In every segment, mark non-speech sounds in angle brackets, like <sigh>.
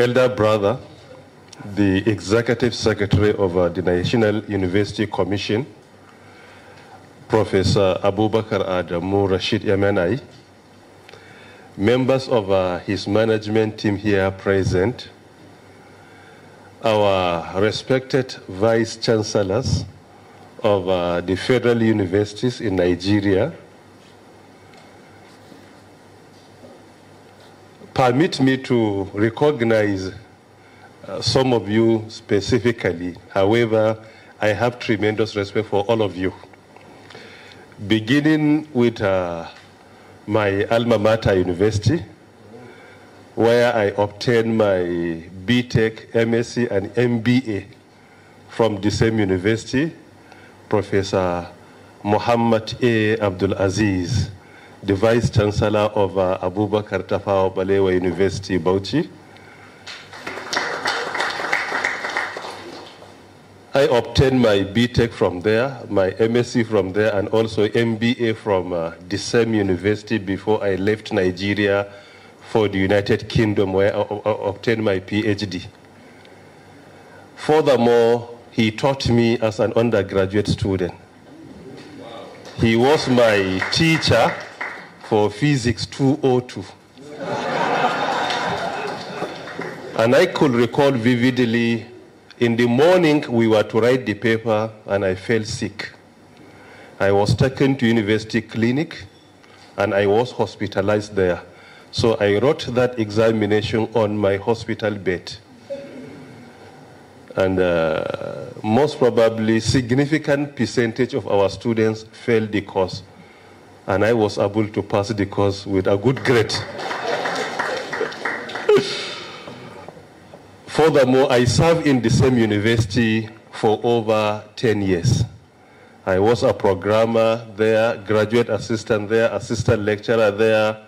elder brother, the executive secretary of uh, the National University Commission, Professor Abubakar Adamu Rashid Yamenai, members of uh, his management team here present, our respected vice chancellors of uh, the federal universities in Nigeria, Permit me to recognize uh, some of you specifically. However, I have tremendous respect for all of you. Beginning with uh, my alma mater university, where I obtained my BTEC, MSc, and MBA from the same university, Professor Muhammad A. Abdul Aziz the Vice Chancellor of uh, Abubakar Tafawa Balewa University, Bauchi. I obtained my BTEC from there, my MSc from there, and also MBA from uh, the same university before I left Nigeria for the United Kingdom, where I, I obtained my PhD. Furthermore, he taught me as an undergraduate student. Wow. He was my teacher for Physics 202. and I could recall vividly in the morning we were to write the paper and I fell sick. I was taken to university clinic and I was hospitalized there. So I wrote that examination on my hospital bed. And uh, most probably significant percentage of our students failed the course and I was able to pass the course with a good grade. Furthermore, I served in the same university for over 10 years. I was a programmer there, graduate assistant there, assistant lecturer there,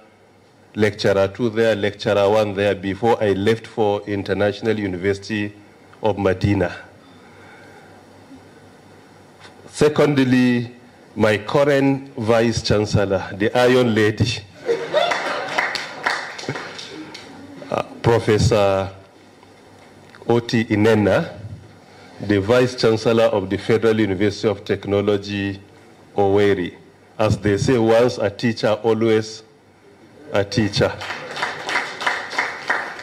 lecturer two there, lecturer one there, before I left for International University of Medina. Secondly, my current Vice Chancellor, the Iron Lady, uh, Professor Oti Inena, the Vice Chancellor of the Federal University of Technology, Owerri. As they say, once a teacher, always a teacher.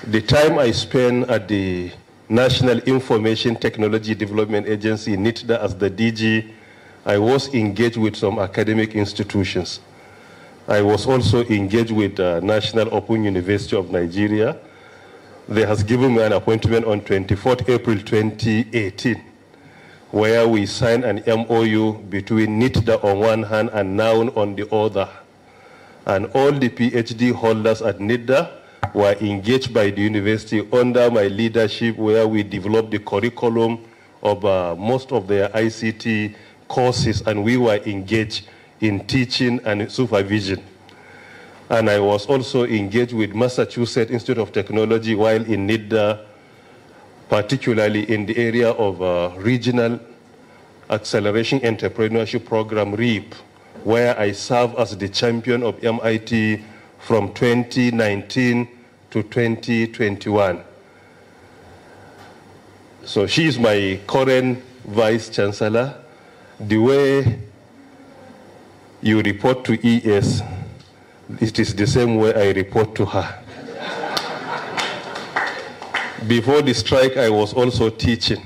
The time I spent at the National Information Technology Development Agency, NITDA, as the DG I was engaged with some academic institutions. I was also engaged with uh, National Open University of Nigeria. They has given me an appointment on 24th April 2018, where we signed an MOU between NITDA on one hand and Noun on the other. And all the PhD holders at NITDA were engaged by the university under my leadership, where we developed the curriculum of uh, most of their ICT courses and we were engaged in teaching and supervision. And I was also engaged with Massachusetts Institute of Technology while in NIDA, particularly in the area of uh, regional acceleration entrepreneurship program, REAP, where I served as the champion of MIT from 2019 to 2021. So she is my current vice chancellor the way you report to ES, it is the same way I report to her. Before the strike, I was also teaching.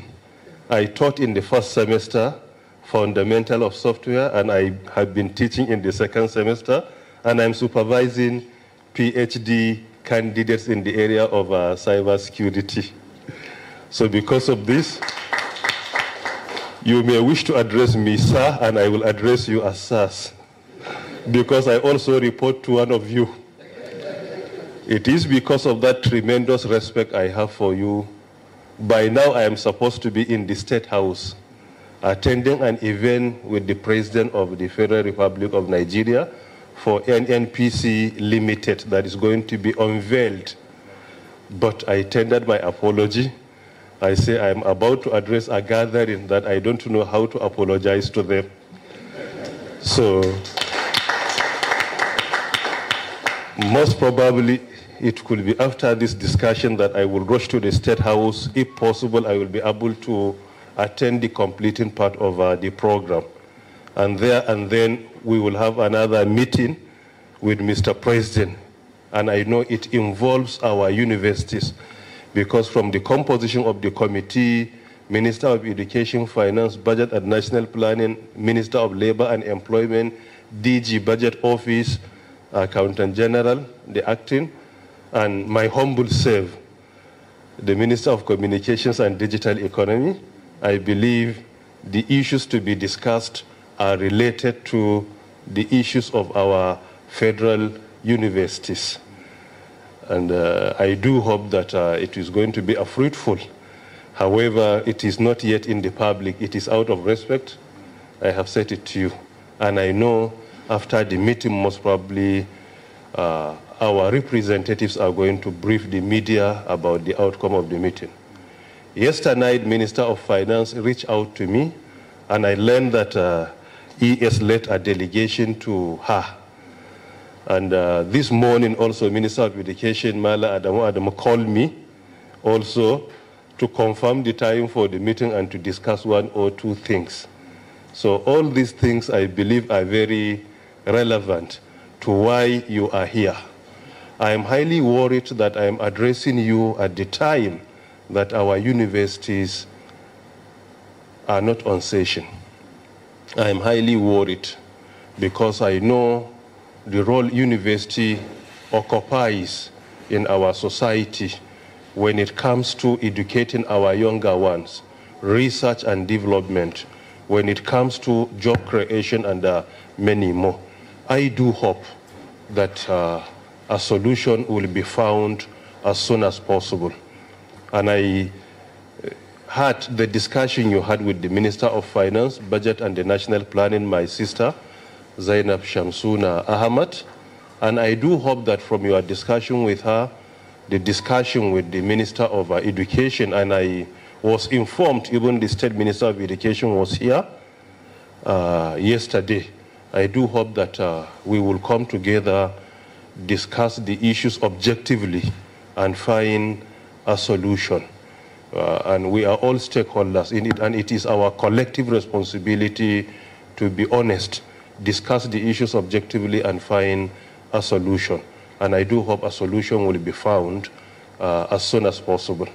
I taught in the first semester fundamental of software, and I have been teaching in the second semester, and I'm supervising PhD candidates in the area of uh, cybersecurity. So because of this, you may wish to address me, sir, and I will address you as sirs, because I also report to one of you. It is because of that tremendous respect I have for you. By now, I am supposed to be in the State House attending an event with the President of the Federal Republic of Nigeria for NNPC Limited that is going to be unveiled. But I tendered my apology I say I am about to address a gathering that I don't know how to apologize to them. So, most probably it could be after this discussion that I will rush to the State House. If possible, I will be able to attend the completing part of uh, the program. And there and then we will have another meeting with Mr. President. And I know it involves our universities because from the composition of the committee, Minister of Education, Finance, Budget and National Planning, Minister of Labor and Employment, DG Budget Office, Accountant General, the acting, and my humble self, the Minister of Communications and Digital Economy. I believe the issues to be discussed are related to the issues of our federal universities. And uh, I do hope that uh, it is going to be a fruitful. However, it is not yet in the public. It is out of respect. I have said it to you. And I know after the meeting, most probably, uh, our representatives are going to brief the media about the outcome of the meeting. Yesterday night, Minister of Finance reached out to me, and I learned that uh, he has led a delegation to her and uh, this morning also, Minister of Education, Mala Adamu Adamu, called me also to confirm the time for the meeting and to discuss one or two things. So all these things, I believe, are very relevant to why you are here. I am highly worried that I am addressing you at the time that our universities are not on session. I am highly worried because I know the role university occupies in our society when it comes to educating our younger ones, research and development, when it comes to job creation and uh, many more. I do hope that uh, a solution will be found as soon as possible. And I uh, had the discussion you had with the Minister of Finance, Budget and the National Planning, my sister, Zainab Shamsuna Ahmad. And I do hope that from your discussion with her, the discussion with the Minister of uh, Education, and I was informed even the State Minister of Education was here uh, yesterday. I do hope that uh, we will come together, discuss the issues objectively, and find a solution. Uh, and we are all stakeholders in it, and it is our collective responsibility to be honest discuss the issues objectively and find a solution. And I do hope a solution will be found uh, as soon as possible.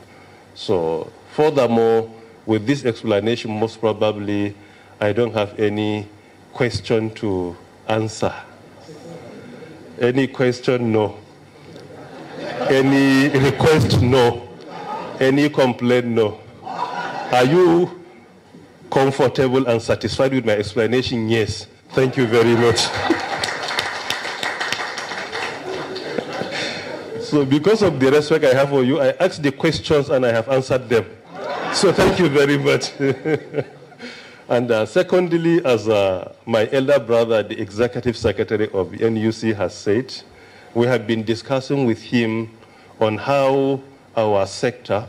So, furthermore, with this explanation, most probably I don't have any question to answer. Any question? No. Any <laughs> request? No. Any complaint? No. Are you comfortable and satisfied with my explanation? Yes. Thank you very much. so because of the respect I have for you, I asked the questions and I have answered them. So thank you very much. <laughs> and uh, secondly, as uh, my elder brother, the executive secretary of NUC has said, we have been discussing with him on how our sector,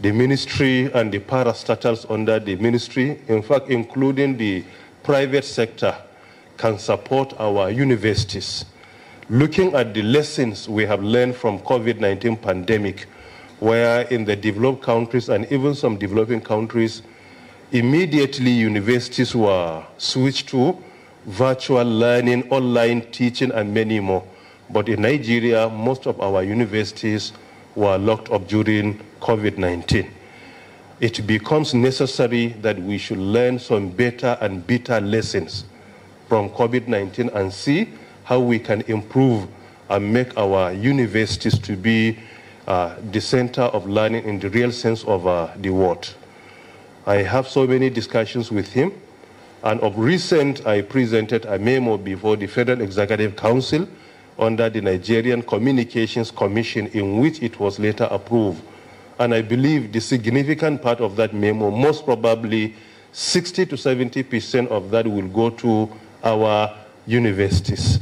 the ministry and the parastatals under the ministry, in fact, including the private sector can support our universities. Looking at the lessons we have learned from COVID-19 pandemic, where in the developed countries and even some developing countries, immediately universities were switched to virtual learning, online teaching, and many more. But in Nigeria, most of our universities were locked up during COVID-19 it becomes necessary that we should learn some better and bitter lessons from COVID 19 and see how we can improve and make our universities to be uh, the center of learning in the real sense of uh, the word. I have so many discussions with him, and of recent, I presented a memo before the Federal Executive Council under the Nigerian Communications Commission, in which it was later approved and I believe the significant part of that memo, most probably 60 to 70 percent of that will go to our universities.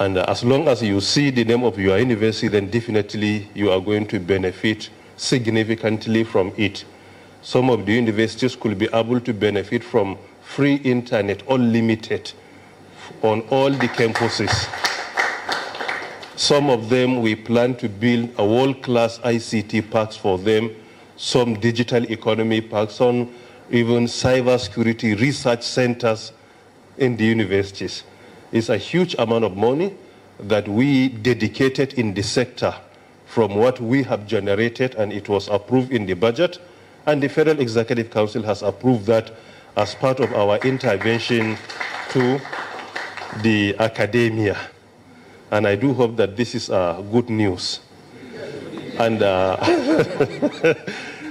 And as long as you see the name of your university, then definitely you are going to benefit significantly from it. Some of the universities could be able to benefit from free internet, unlimited, on all the campuses. Some of them we plan to build a world-class ICT parks for them, some digital economy parks, some even cybersecurity research centers in the universities. It's a huge amount of money that we dedicated in the sector from what we have generated and it was approved in the budget and the Federal Executive Council has approved that as part of our intervention to the academia. And I do hope that this is uh, good news. And, uh, <laughs>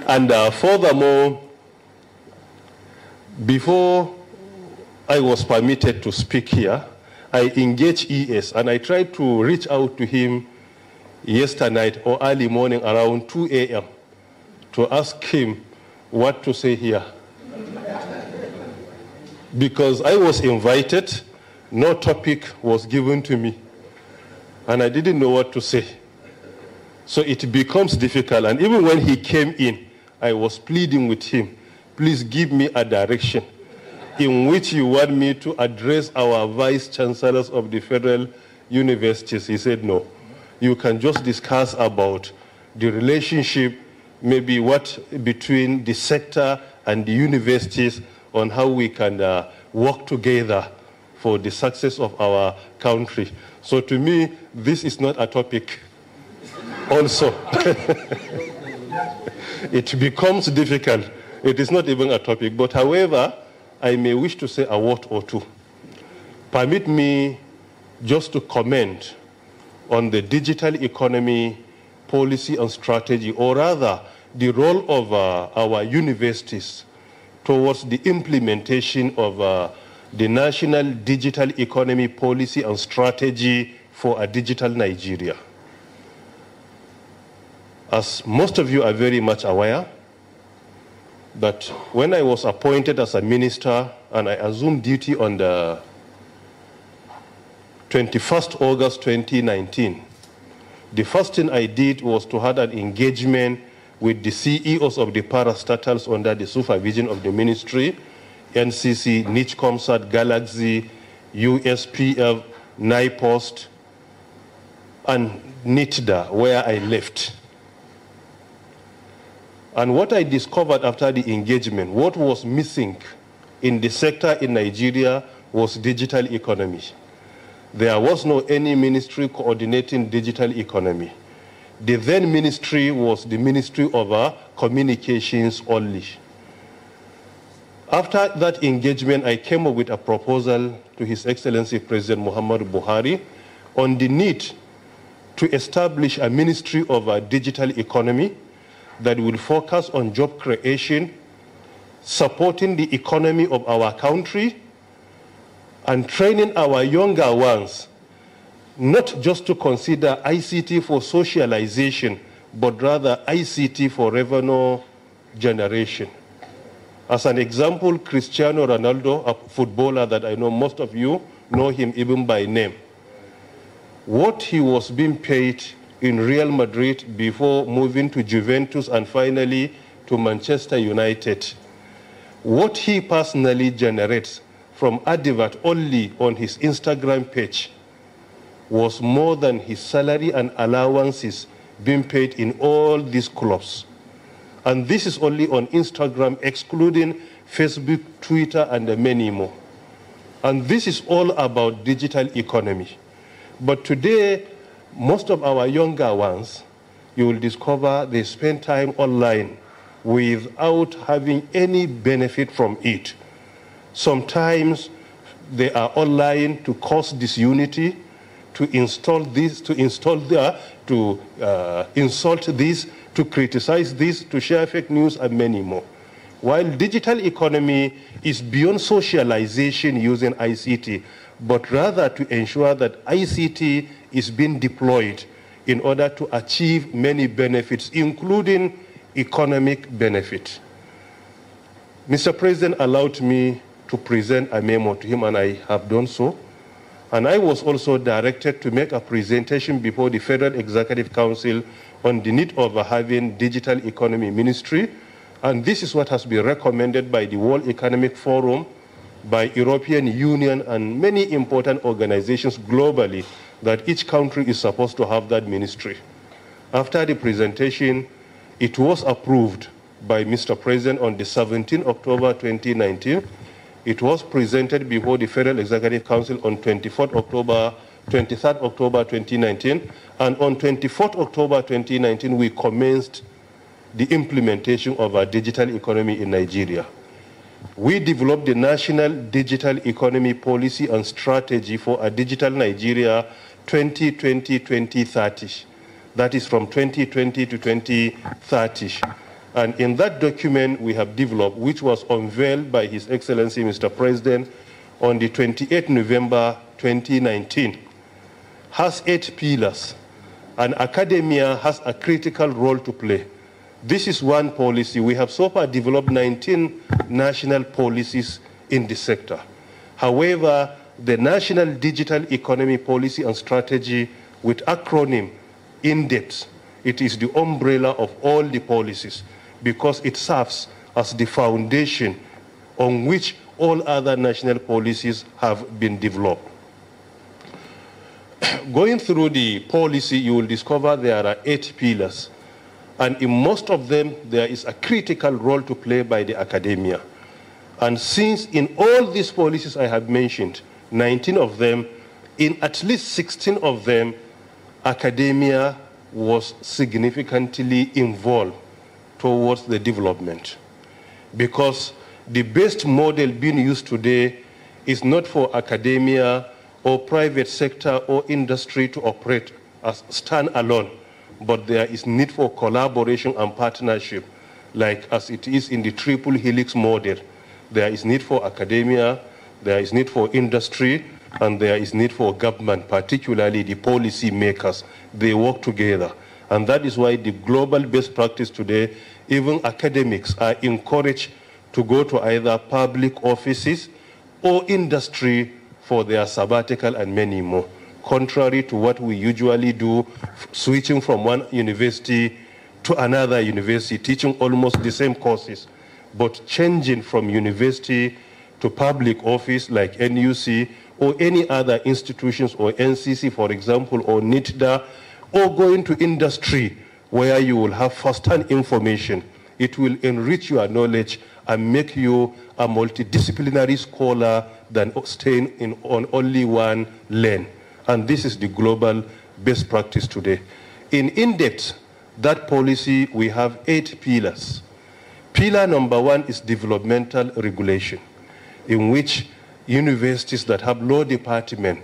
and uh, furthermore, before I was permitted to speak here, I engaged ES and I tried to reach out to him yesterday night or early morning around 2 a.m. to ask him what to say here. because I was invited, no topic was given to me and I didn't know what to say. So it becomes difficult. And even when he came in, I was pleading with him, please give me a direction in which you want me to address our vice chancellors of the federal universities. He said, no. You can just discuss about the relationship, maybe what between the sector and the universities on how we can uh, work together for the success of our country. So to me, this is not a topic also. <laughs> it becomes difficult. It is not even a topic. But however, I may wish to say a word or two. Permit me just to comment on the digital economy policy and strategy, or rather, the role of uh, our universities towards the implementation of uh, the National Digital Economy Policy and Strategy for a Digital Nigeria. As most of you are very much aware, that when I was appointed as a minister and I assumed duty on the 21st August 2019, the first thing I did was to have an engagement with the CEOs of the parastatals under the supervision of the ministry NCC, Niche Galaxy, USPF, NIPOST, and NITDA, where I left. And what I discovered after the engagement, what was missing in the sector in Nigeria was digital economy. There was no any ministry coordinating digital economy. The then ministry was the Ministry of uh, Communications only. After that engagement, I came up with a proposal to His Excellency President Muhammad Buhari on the need to establish a ministry of a digital economy that will focus on job creation, supporting the economy of our country, and training our younger ones not just to consider ICT for socialization, but rather ICT for revenue generation. As an example, Cristiano Ronaldo, a footballer that I know most of you know him even by name. What he was being paid in Real Madrid before moving to Juventus and finally to Manchester United. What he personally generates from advert only on his Instagram page was more than his salary and allowances being paid in all these clubs. And this is only on Instagram, excluding Facebook, Twitter, and many more. And this is all about digital economy. But today, most of our younger ones, you will discover they spend time online without having any benefit from it. Sometimes they are online to cause disunity, to install this, to install that, to uh, insult this, to criticize this, to share fake news, and many more. While digital economy is beyond socialization using ICT, but rather to ensure that ICT is being deployed in order to achieve many benefits, including economic benefit. Mr. President allowed me to present a memo to him, and I have done so. And I was also directed to make a presentation before the Federal Executive Council on the need of having digital economy ministry. And this is what has been recommended by the World Economic Forum, by European Union and many important organizations globally that each country is supposed to have that ministry. After the presentation, it was approved by Mr. President on the 17th October 2019. It was presented before the Federal Executive Council on 24th October 23rd October 2019, and on 24th October 2019, we commenced the implementation of our digital economy in Nigeria. We developed the National Digital Economy Policy and Strategy for a Digital Nigeria 2020-2030. That is from 2020 to 2030. And in that document we have developed, which was unveiled by His Excellency Mr. President on the 28th November 2019, has eight pillars, and academia has a critical role to play. This is one policy. We have so far developed 19 national policies in the sector. However, the National Digital Economy Policy and Strategy, with acronym in-depth, it is the umbrella of all the policies because it serves as the foundation on which all other national policies have been developed. <coughs> going through the policy, you will discover there are eight pillars. And in most of them, there is a critical role to play by the academia. And since in all these policies I have mentioned, 19 of them, in at least 16 of them, academia was significantly involved towards the development. Because the best model being used today is not for academia or private sector or industry to operate as stand alone, but there is need for collaboration and partnership, like as it is in the triple helix model. There is need for academia, there is need for industry, and there is need for government, particularly the policy makers. They work together. And that is why the global best practice today, even academics are encouraged to go to either public offices or industry for their sabbatical and many more. Contrary to what we usually do, switching from one university to another university, teaching almost the same courses, but changing from university to public office like NUC or any other institutions or NCC, for example, or NITDA, or going to industry where you will have first-hand information. It will enrich your knowledge and make you a multidisciplinary scholar than staying in, on only one lane. And this is the global best practice today. In index, that policy, we have eight pillars. Pillar number one is developmental regulation, in which universities that have law department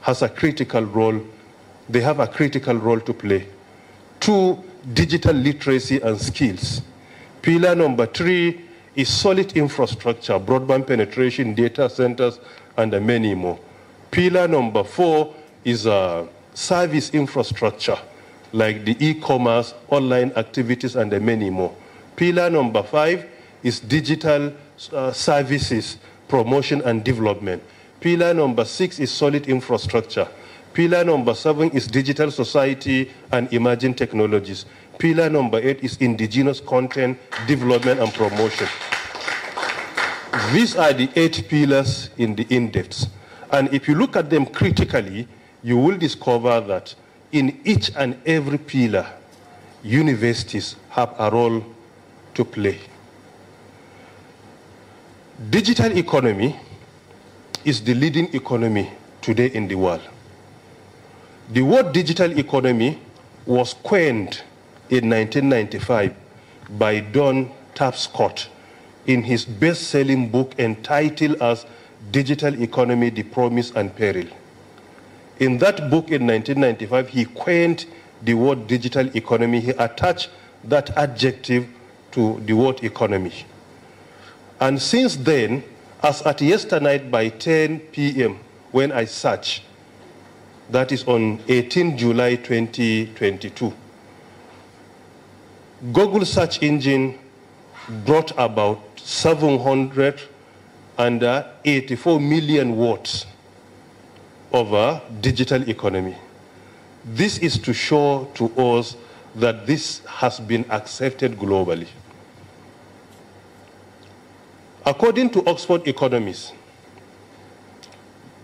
has a critical role. They have a critical role to play. Two, digital literacy and skills. Pillar number three is solid infrastructure, broadband penetration, data centers, and many more. Pillar number four is uh, service infrastructure, like the e-commerce, online activities, and many more. Pillar number five is digital uh, services, promotion, and development. Pillar number six is solid infrastructure. Pillar number seven is digital society and emerging technologies. Pillar number eight is indigenous content development and promotion. These are the eight pillars in the index. And if you look at them critically, you will discover that in each and every pillar, universities have a role to play. Digital economy is the leading economy today in the world. The word digital economy was coined in 1995 by Don Tapscott in his best-selling book entitled as Digital Economy, The Promise and Peril. In that book in 1995, he coined the word digital economy. He attached that adjective to the word economy. And since then, as at yesternight by 10 p.m., when I searched, that is on 18 July 2022, Google search engine brought about 784 uh, million watts of a uh, digital economy. This is to show to us that this has been accepted globally. According to Oxford economists,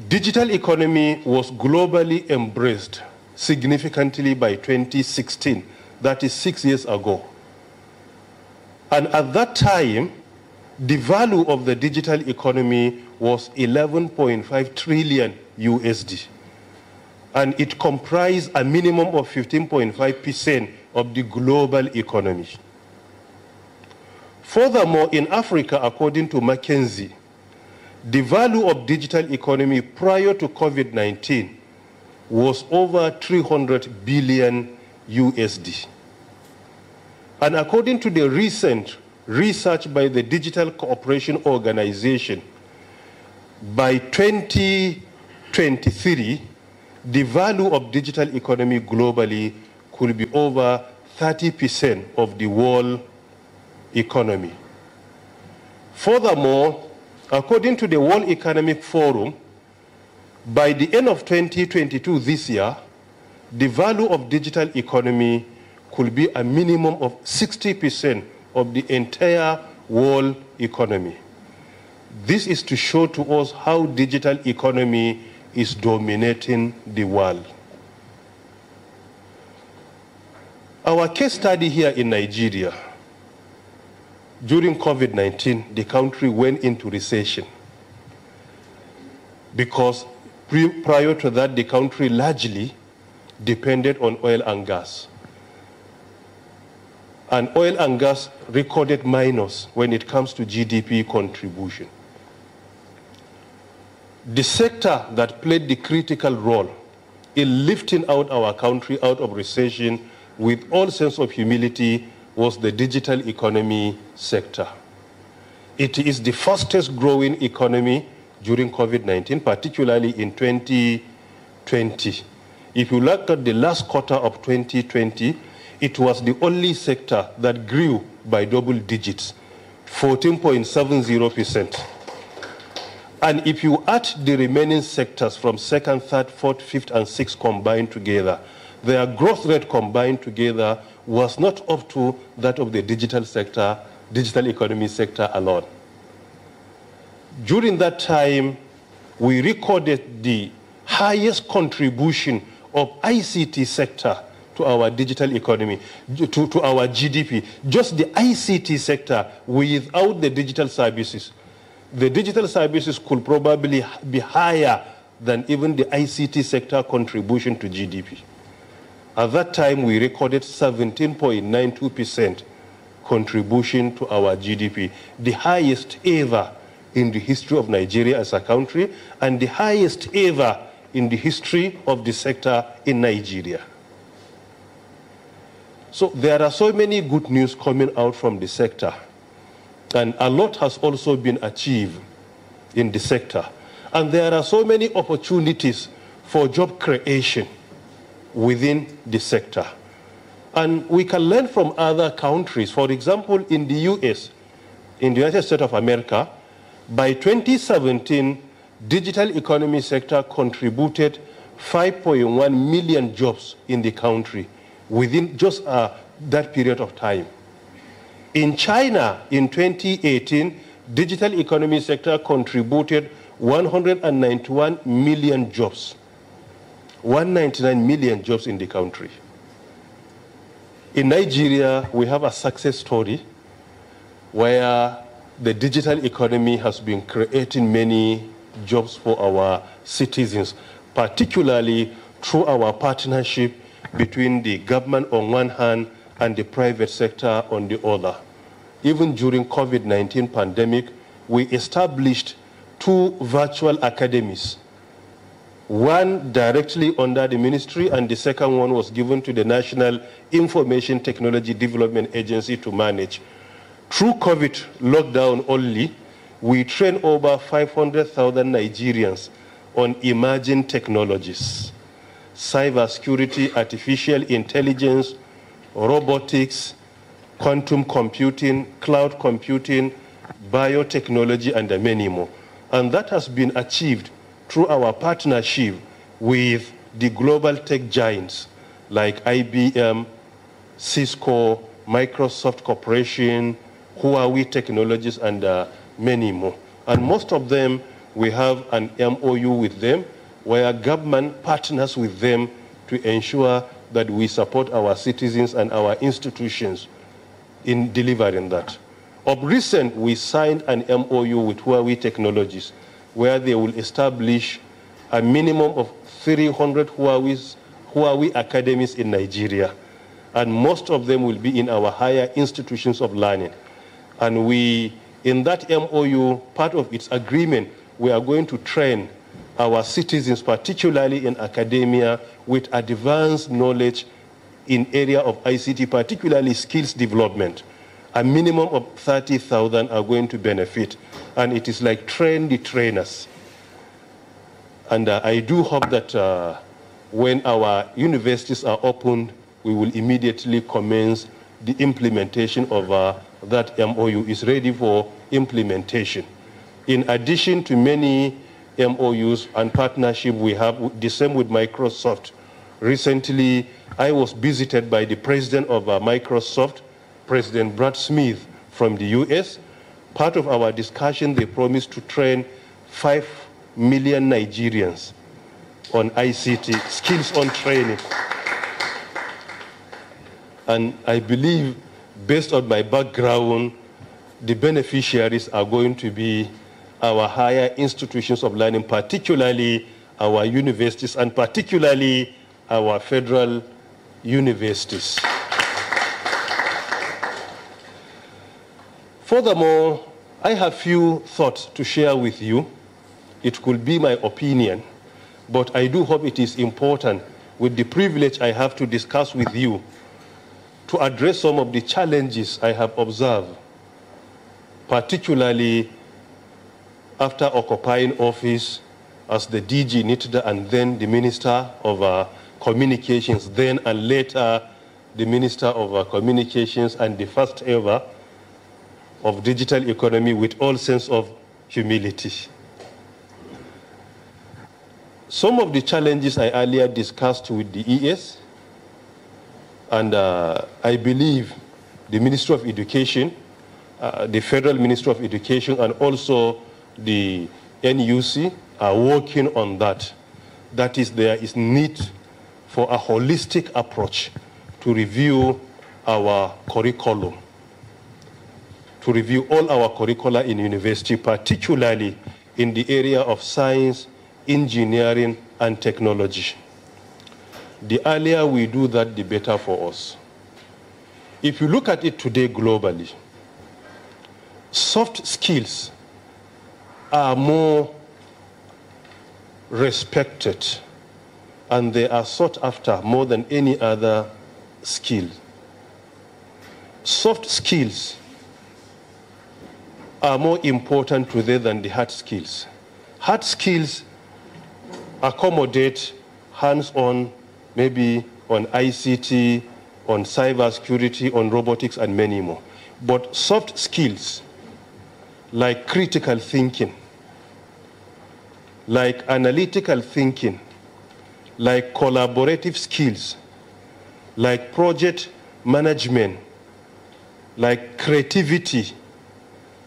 digital economy was globally embraced significantly by 2016 that is six years ago. And at that time, the value of the digital economy was 11.5 trillion USD. And it comprised a minimum of 15.5% of the global economy. Furthermore, in Africa, according to McKinsey, the value of digital economy prior to COVID-19 was over 300 billion USD. And according to the recent research by the Digital Cooperation Organization, by 2023, the value of digital economy globally could be over 30% of the world economy. Furthermore, according to the World Economic Forum, by the end of 2022 this year, the value of digital economy could be a minimum of 60% of the entire world economy. This is to show to us how digital economy is dominating the world. Our case study here in Nigeria, during COVID-19, the country went into recession because prior to that, the country largely depended on oil and gas and oil and gas recorded minus when it comes to GDP contribution. The sector that played the critical role in lifting out our country out of recession with all sense of humility was the digital economy sector. It is the fastest growing economy during COVID-19, particularly in 2020. If you look at the last quarter of 2020, it was the only sector that grew by double digits, 14.70%. And if you add the remaining sectors from second, third, fourth, fifth, and sixth combined together, their growth rate combined together was not up to that of the digital sector, digital economy sector alone. During that time, we recorded the highest contribution of ICT sector to our digital economy, to, to our GDP. Just the ICT sector without the digital services, the digital services could probably be higher than even the ICT sector contribution to GDP. At that time, we recorded 17.92% contribution to our GDP, the highest ever in the history of Nigeria as a country and the highest ever in the history of the sector in Nigeria. So there are so many good news coming out from the sector. And a lot has also been achieved in the sector. And there are so many opportunities for job creation within the sector. And we can learn from other countries. For example, in the US, in the United States of America, by 2017, digital economy sector contributed 5.1 million jobs in the country within just uh, that period of time. In China, in 2018, digital economy sector contributed 191 million jobs. 199 million jobs in the country. In Nigeria, we have a success story where the digital economy has been creating many jobs for our citizens, particularly through our partnership between the government on one hand and the private sector on the other. Even during COVID-19 pandemic, we established two virtual academies, one directly under the ministry and the second one was given to the National Information Technology Development Agency to manage. Through COVID lockdown only, we trained over 500,000 Nigerians on emerging technologies cybersecurity, artificial intelligence, robotics, quantum computing, cloud computing, biotechnology, and many more. And that has been achieved through our partnership with the global tech giants like IBM, Cisco, Microsoft Corporation, Huawei Technologies, and uh, many more. And most of them, we have an MOU with them where government partners with them to ensure that we support our citizens and our institutions in delivering that. Of recent, we signed an MOU with Huawei Technologies where they will establish a minimum of 300 Huawei's, Huawei academies in Nigeria. And most of them will be in our higher institutions of learning. And we, in that MOU, part of its agreement, we are going to train our citizens, particularly in academia, with advanced knowledge in area of ICT, particularly skills development. A minimum of 30,000 are going to benefit. And it is like train the trainers. And uh, I do hope that uh, when our universities are opened, we will immediately commence the implementation of uh, that MOU is ready for implementation. In addition to many MOUs and partnership we have. The same with Microsoft. Recently, I was visited by the president of uh, Microsoft, President Brad Smith from the US. Part of our discussion, they promised to train 5 million Nigerians on ICT, skills on training. And I believe, based on my background, the beneficiaries are going to be our higher institutions of learning, particularly our universities and particularly our federal universities. Furthermore, I have few thoughts to share with you. It could be my opinion, but I do hope it is important with the privilege I have to discuss with you to address some of the challenges I have observed, particularly after occupying office as the DG NITDA and then the Minister of uh, Communications, then and later the Minister of uh, Communications and the first ever of digital economy with all sense of humility. Some of the challenges I earlier discussed with the ES, and uh, I believe the Ministry of Education, uh, the Federal Ministry of Education, and also the NUC are working on that. That is, there is need for a holistic approach to review our curriculum, to review all our curricula in university, particularly in the area of science, engineering, and technology. The earlier we do that, the better for us. If you look at it today globally, soft skills are more respected and they are sought after more than any other skill. Soft skills are more important today than the hard skills. Hard skills accommodate hands-on, maybe on ICT, on cybersecurity, on robotics, and many more. But soft skills, like critical thinking, like analytical thinking, like collaborative skills, like project management, like creativity,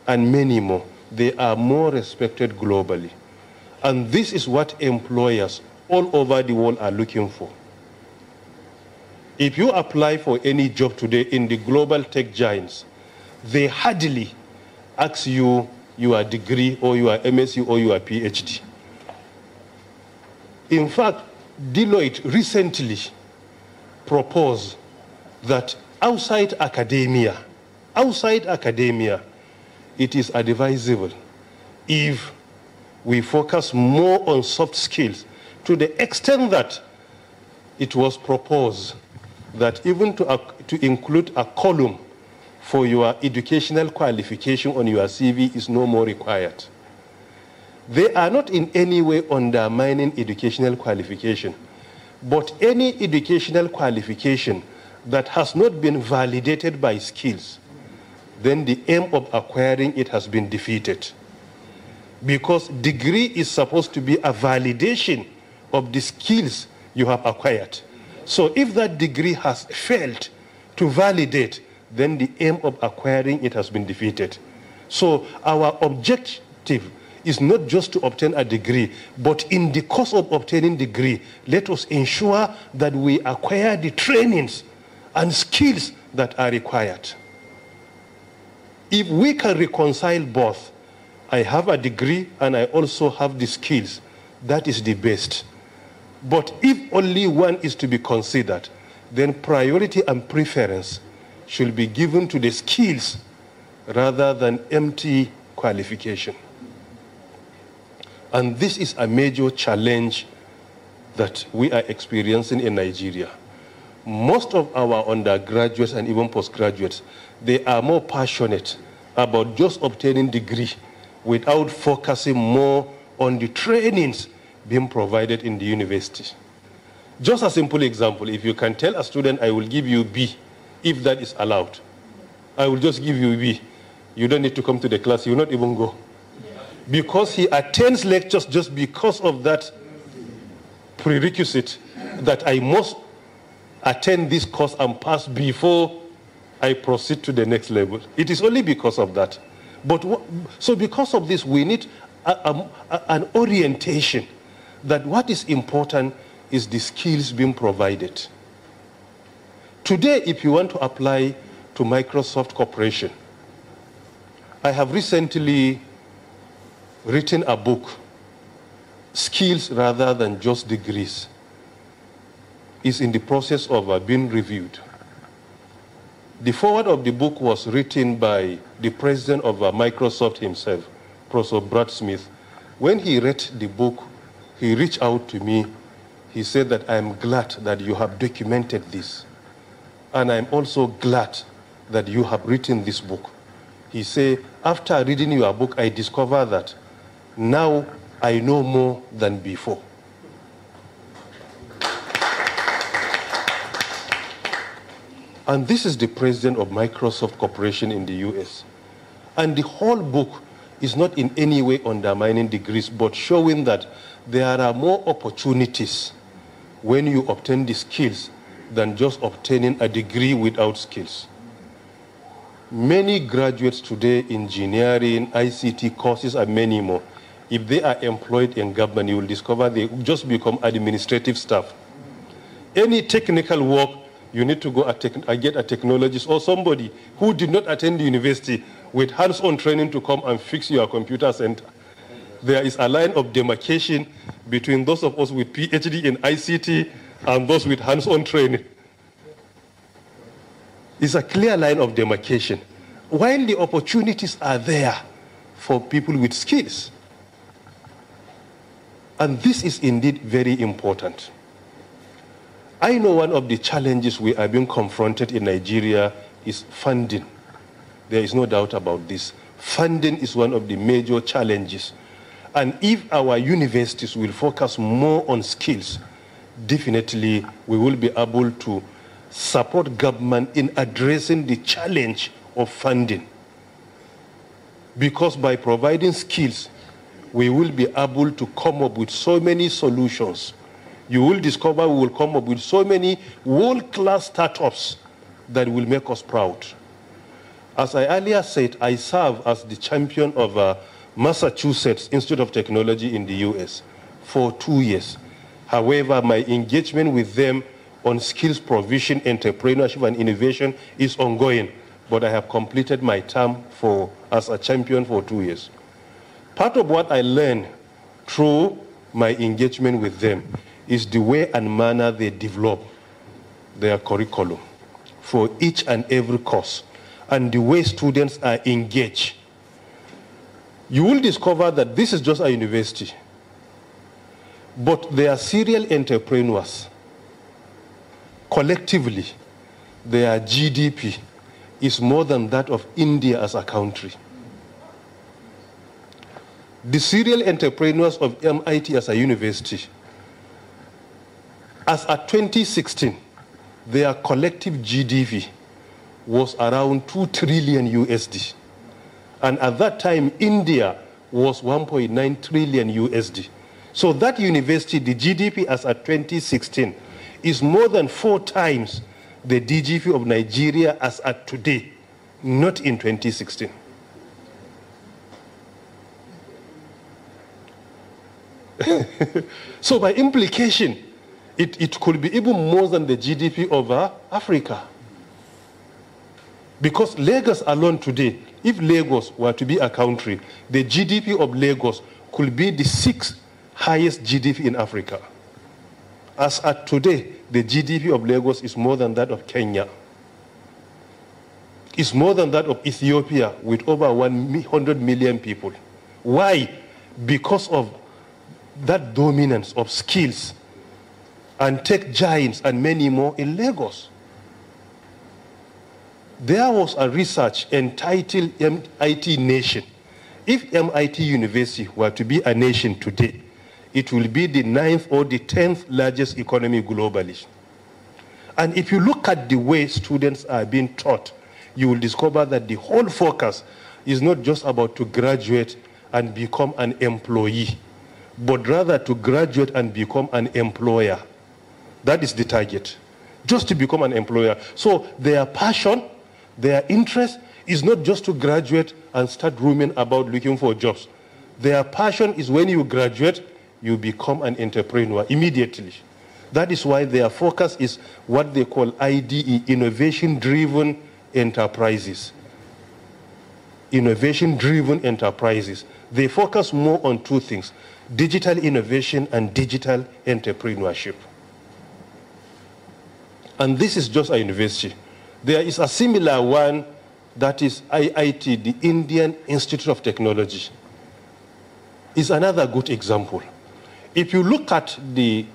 and many more. They are more respected globally. And this is what employers all over the world are looking for. If you apply for any job today in the global tech giants, they hardly ask you your degree or your MSc or your PhD. In fact, Deloitte recently proposed that outside academia, outside academia, it is advisable if we focus more on soft skills to the extent that it was proposed that even to, uh, to include a column for your educational qualification on your CV is no more required. They are not in any way undermining educational qualification, but any educational qualification that has not been validated by skills, then the aim of acquiring it has been defeated. Because degree is supposed to be a validation of the skills you have acquired. So if that degree has failed to validate, then the aim of acquiring it has been defeated. So our objective is not just to obtain a degree, but in the course of obtaining degree, let us ensure that we acquire the trainings and skills that are required. If we can reconcile both, I have a degree and I also have the skills, that is the best. But if only one is to be considered, then priority and preference should be given to the skills rather than empty qualification. And this is a major challenge that we are experiencing in Nigeria. Most of our undergraduates and even postgraduates, they are more passionate about just obtaining degree without focusing more on the trainings being provided in the university. Just a simple example, if you can tell a student, I will give you B, if that is allowed. I will just give you B. You don't need to come to the class, you will not even go because he attends lectures just because of that prerequisite that I must attend this course and pass before I proceed to the next level. It is only because of that. But so because of this, we need a, a, a, an orientation that what is important is the skills being provided. Today, if you want to apply to Microsoft Corporation, I have recently written a book, skills rather than just degrees, is in the process of uh, being reviewed. The forward of the book was written by the president of uh, Microsoft himself, Professor Brad Smith. When he read the book, he reached out to me. He said that I am glad that you have documented this. And I'm also glad that you have written this book. He said, after reading your book, I discovered that now I know more than before. And this is the president of Microsoft Corporation in the US. And the whole book is not in any way undermining degrees, but showing that there are more opportunities when you obtain the skills than just obtaining a degree without skills. Many graduates today, engineering, ICT courses, and many more, if they are employed in government, you will discover they just become administrative staff. Any technical work, you need to go a get a technologist or somebody who did not attend the university with hands-on training to come and fix your computer center. There is a line of demarcation between those of us with PhD in ICT and those with hands-on training. It's a clear line of demarcation. While the opportunities are there for people with skills, and this is indeed very important. I know one of the challenges we are being confronted in Nigeria is funding. There is no doubt about this. Funding is one of the major challenges. And if our universities will focus more on skills, definitely we will be able to support government in addressing the challenge of funding. Because by providing skills, we will be able to come up with so many solutions. You will discover we will come up with so many world class startups that will make us proud. As I earlier said, I serve as the champion of uh, Massachusetts Institute of Technology in the US for two years. However, my engagement with them on skills provision, entrepreneurship, and innovation is ongoing, but I have completed my term for, as a champion for two years. Part of what I learned through my engagement with them is the way and manner they develop their curriculum for each and every course and the way students are engaged. You will discover that this is just a university, but they are serial entrepreneurs. Collectively, their GDP is more than that of India as a country the serial entrepreneurs of MIT as a university, as at 2016, their collective GDP was around 2 trillion USD. And at that time, India was 1.9 trillion USD. So that university, the GDP as at 2016, is more than four times the GDP of Nigeria as at today, not in 2016. <laughs> so by implication, it, it could be even more than the GDP of uh, Africa. Because Lagos alone today, if Lagos were to be a country, the GDP of Lagos could be the sixth highest GDP in Africa. As at today, the GDP of Lagos is more than that of Kenya. It's more than that of Ethiopia with over 100 million people. Why? Because of that dominance of skills and tech giants and many more in Lagos. There was a research entitled MIT Nation. If MIT University were to be a nation today, it will be the ninth or the tenth largest economy globally. And if you look at the way students are being taught, you will discover that the whole focus is not just about to graduate and become an employee but rather to graduate and become an employer. That is the target, just to become an employer. So their passion, their interest is not just to graduate and start roaming about looking for jobs. Their passion is when you graduate, you become an entrepreneur immediately. That is why their focus is what they call IDE, innovation driven enterprises. Innovation driven enterprises. They focus more on two things digital innovation and digital entrepreneurship. And this is just a university. There is a similar one that is IIT, the Indian Institute of Technology, is another good example. If you look at the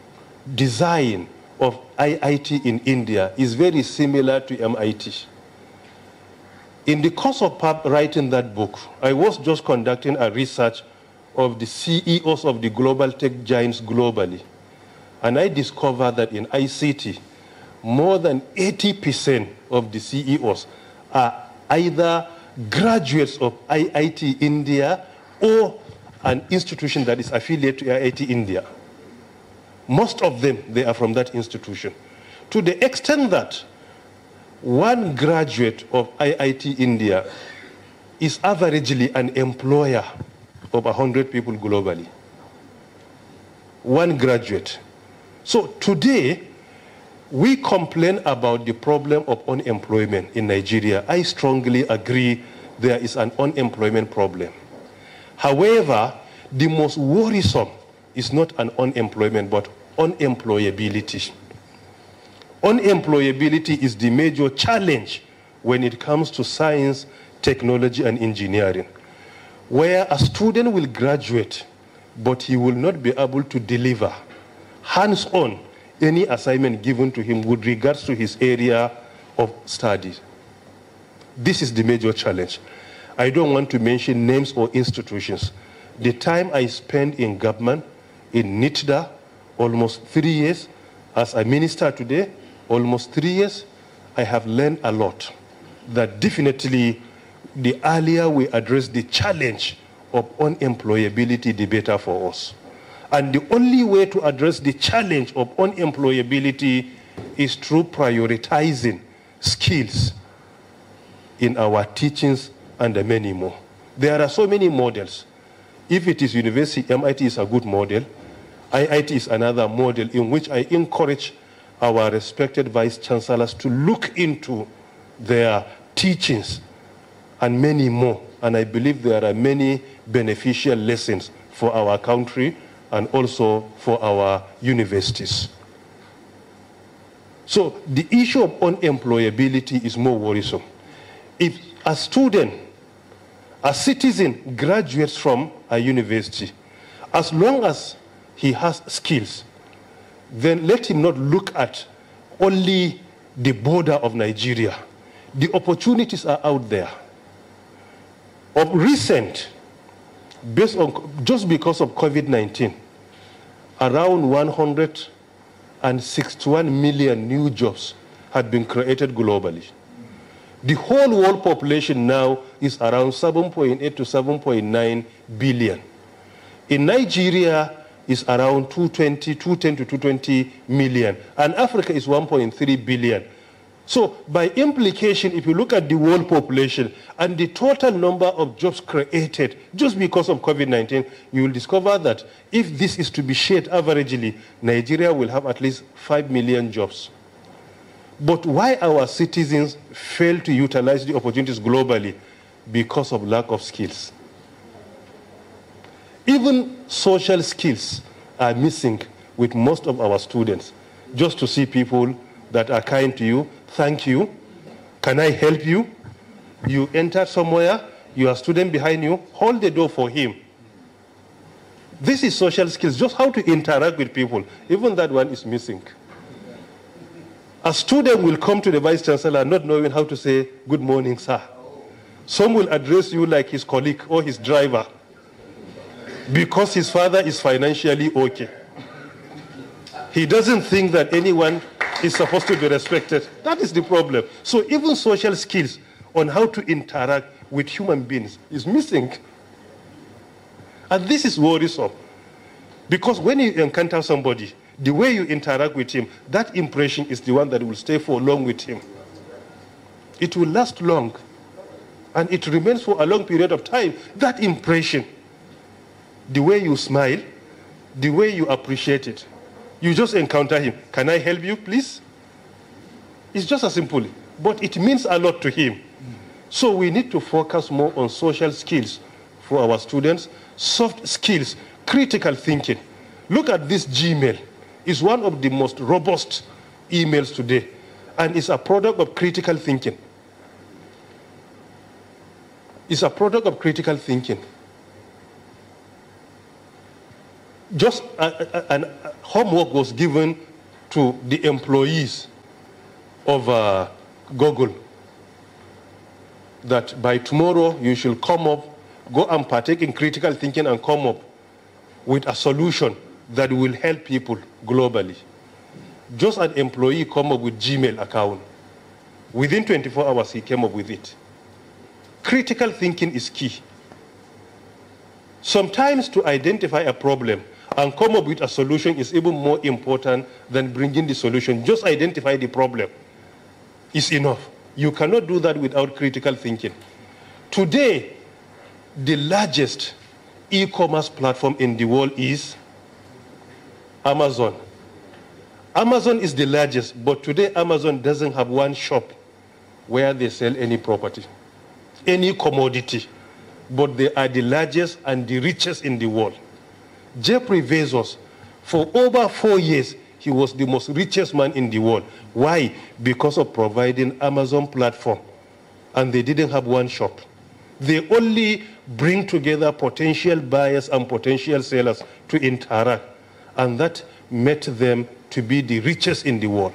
design of IIT in India, is very similar to MIT. In the course of writing that book, I was just conducting a research of the CEOs of the global tech giants globally. And I discovered that in ICT, more than 80% of the CEOs are either graduates of IIT India or an institution that is affiliated to IIT India. Most of them, they are from that institution. To the extent that one graduate of IIT India is averagely an employer of 100 people globally. One graduate. So today, we complain about the problem of unemployment in Nigeria. I strongly agree there is an unemployment problem. However, the most worrisome is not an unemployment, but unemployability. Unemployability is the major challenge when it comes to science, technology, and engineering where a student will graduate, but he will not be able to deliver hands on any assignment given to him with regards to his area of study. This is the major challenge. I don't want to mention names or institutions. The time I spent in government, in NITDA, almost three years, as a minister today, almost three years, I have learned a lot that definitely the earlier we address the challenge of unemployability, the better for us. And the only way to address the challenge of unemployability is through prioritizing skills in our teachings and many more. There are so many models. If it is university, MIT is a good model. IIT is another model in which I encourage our respected vice chancellors to look into their teachings and many more. And I believe there are many beneficial lessons for our country and also for our universities. So the issue of unemployability is more worrisome. If a student, a citizen graduates from a university, as long as he has skills, then let him not look at only the border of Nigeria. The opportunities are out there of recent, based on just because of COVID-19, around 161 million new jobs had been created globally. The whole world population now is around 7.8 to 7.9 billion. In Nigeria is around 220, 210 to 220 million, and Africa is 1.3 billion. So by implication, if you look at the world population and the total number of jobs created just because of COVID-19, you will discover that if this is to be shared averagely, Nigeria will have at least 5 million jobs. But why our citizens fail to utilize the opportunities globally? Because of lack of skills. Even social skills are missing with most of our students. Just to see people that are kind to you, thank you? Can I help you? You enter somewhere, your student behind you, hold the door for him. This is social skills, just how to interact with people. Even that one is missing. A student will come to the vice chancellor not knowing how to say, Good morning, sir. Some will address you like his colleague or his driver because his father is financially okay. He doesn't think that anyone is supposed to be respected. That is the problem. So even social skills on how to interact with human beings is missing. And this is worrisome. Because when you encounter somebody, the way you interact with him, that impression is the one that will stay for long with him. It will last long. And it remains for a long period of time. That impression, the way you smile, the way you appreciate it, you just encounter him. Can I help you, please? It's just as simple, but it means a lot to him. So we need to focus more on social skills for our students, soft skills, critical thinking. Look at this Gmail. It's one of the most robust emails today, and it's a product of critical thinking. It's a product of critical thinking. just an homework was given to the employees of uh, Google that by tomorrow you should come up, go and partake in critical thinking and come up with a solution that will help people globally. Just an employee come up with Gmail account. Within 24 hours, he came up with it. Critical thinking is key. Sometimes to identify a problem, and come up with a solution is even more important than bringing the solution. Just identify the problem is enough. You cannot do that without critical thinking. Today, the largest e-commerce platform in the world is Amazon. Amazon is the largest, but today Amazon doesn't have one shop where they sell any property, any commodity, but they are the largest and the richest in the world. Jeffrey Bezos, for over four years, he was the most richest man in the world. Why? Because of providing Amazon platform. And they didn't have one shop. They only bring together potential buyers and potential sellers to interact. And that made them to be the richest in the world.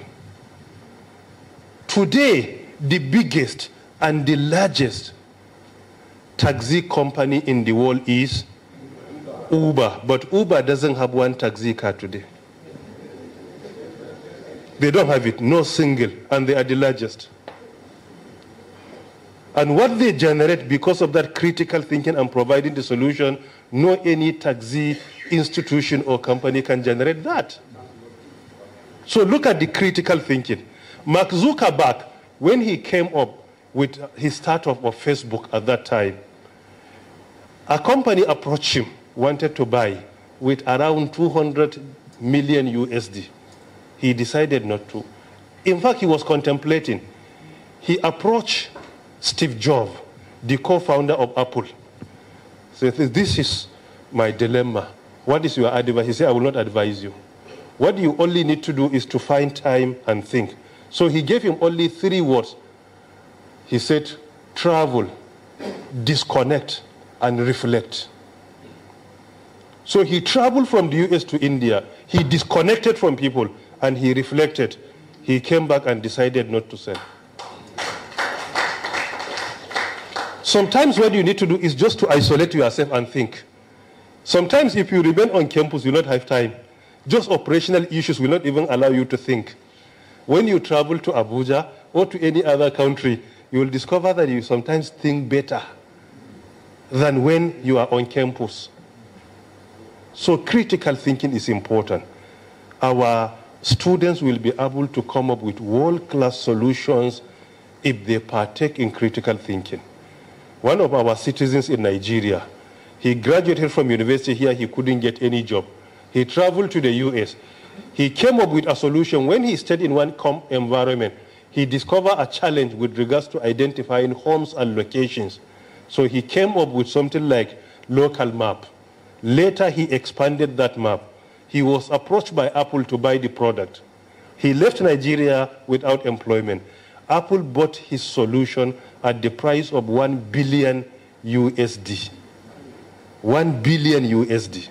Today, the biggest and the largest taxi company in the world is Uber, but Uber doesn't have one taxi car today. They don't have it, no single, and they are the largest. And what they generate because of that critical thinking and providing the solution, no any taxi institution or company can generate that. So look at the critical thinking. Mark Zuckerberg, when he came up with his startup of Facebook at that time, a company approached him wanted to buy with around 200 million USD. He decided not to. In fact, he was contemplating. He approached Steve Jobs, the co-founder of Apple. So this is my dilemma. What is your advice? He said, I will not advise you. What you only need to do is to find time and think. So he gave him only three words. He said, travel, disconnect, and reflect. So he traveled from the US to India. He disconnected from people and he reflected. He came back and decided not to sell. Sometimes what you need to do is just to isolate yourself and think. Sometimes if you remain on campus, you will not have time. Just operational issues will not even allow you to think. When you travel to Abuja or to any other country, you will discover that you sometimes think better than when you are on campus. So critical thinking is important. Our students will be able to come up with world-class solutions if they partake in critical thinking. One of our citizens in Nigeria, he graduated from university here, he couldn't get any job. He traveled to the US. He came up with a solution. When he stayed in one com environment, he discovered a challenge with regards to identifying homes and locations. So he came up with something like local map. Later, he expanded that map. He was approached by Apple to buy the product. He left Nigeria without employment. Apple bought his solution at the price of 1 billion USD. 1 billion USD.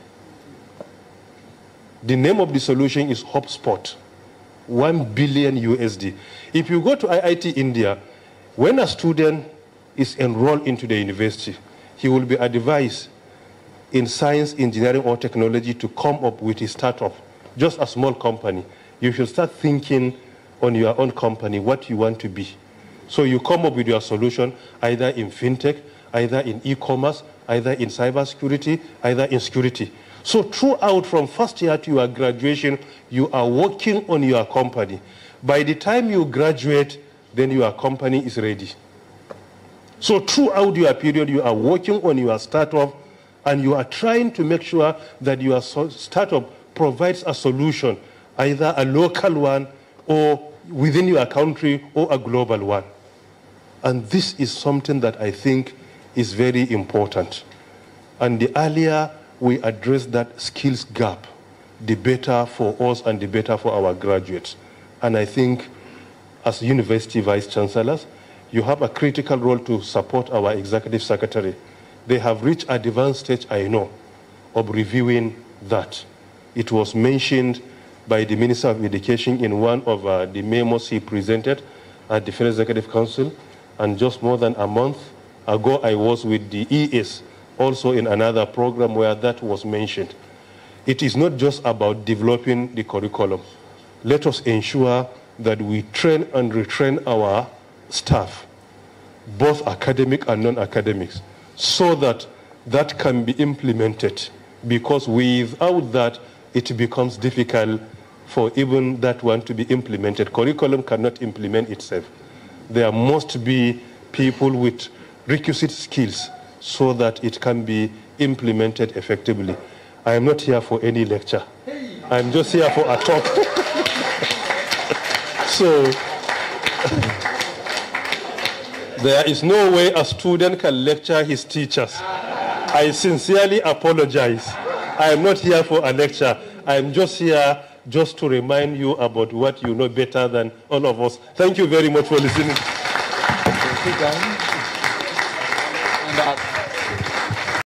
The name of the solution is HopSpot. 1 billion USD. If you go to IIT India, when a student is enrolled into the university, he will be advised in science, engineering, or technology to come up with a startup, just a small company. You should start thinking on your own company what you want to be. So you come up with your solution either in fintech, either in e-commerce, either in cybersecurity, either in security. So throughout from first year to your graduation, you are working on your company. By the time you graduate, then your company is ready. So throughout your period, you are working on your startup and you are trying to make sure that your startup provides a solution, either a local one or within your country or a global one. And this is something that I think is very important. And the earlier we address that skills gap, the better for us and the better for our graduates. And I think as university vice chancellors, you have a critical role to support our executive secretary they have reached a advanced stage, I know, of reviewing that. It was mentioned by the Minister of Education in one of uh, the memos he presented at the Federal Executive Council. And just more than a month ago, I was with the ES, also in another program where that was mentioned. It is not just about developing the curriculum. Let us ensure that we train and retrain our staff, both academic and non-academics so that that can be implemented because without that it becomes difficult for even that one to be implemented. Curriculum cannot implement itself. There must be people with requisite skills so that it can be implemented effectively. I am not here for any lecture. I'm just here for a talk. <laughs> so there is no way a student can lecture his teachers. I sincerely apologize. I am not here for a lecture. I am just here just to remind you about what you know better than all of us. Thank you very much for listening.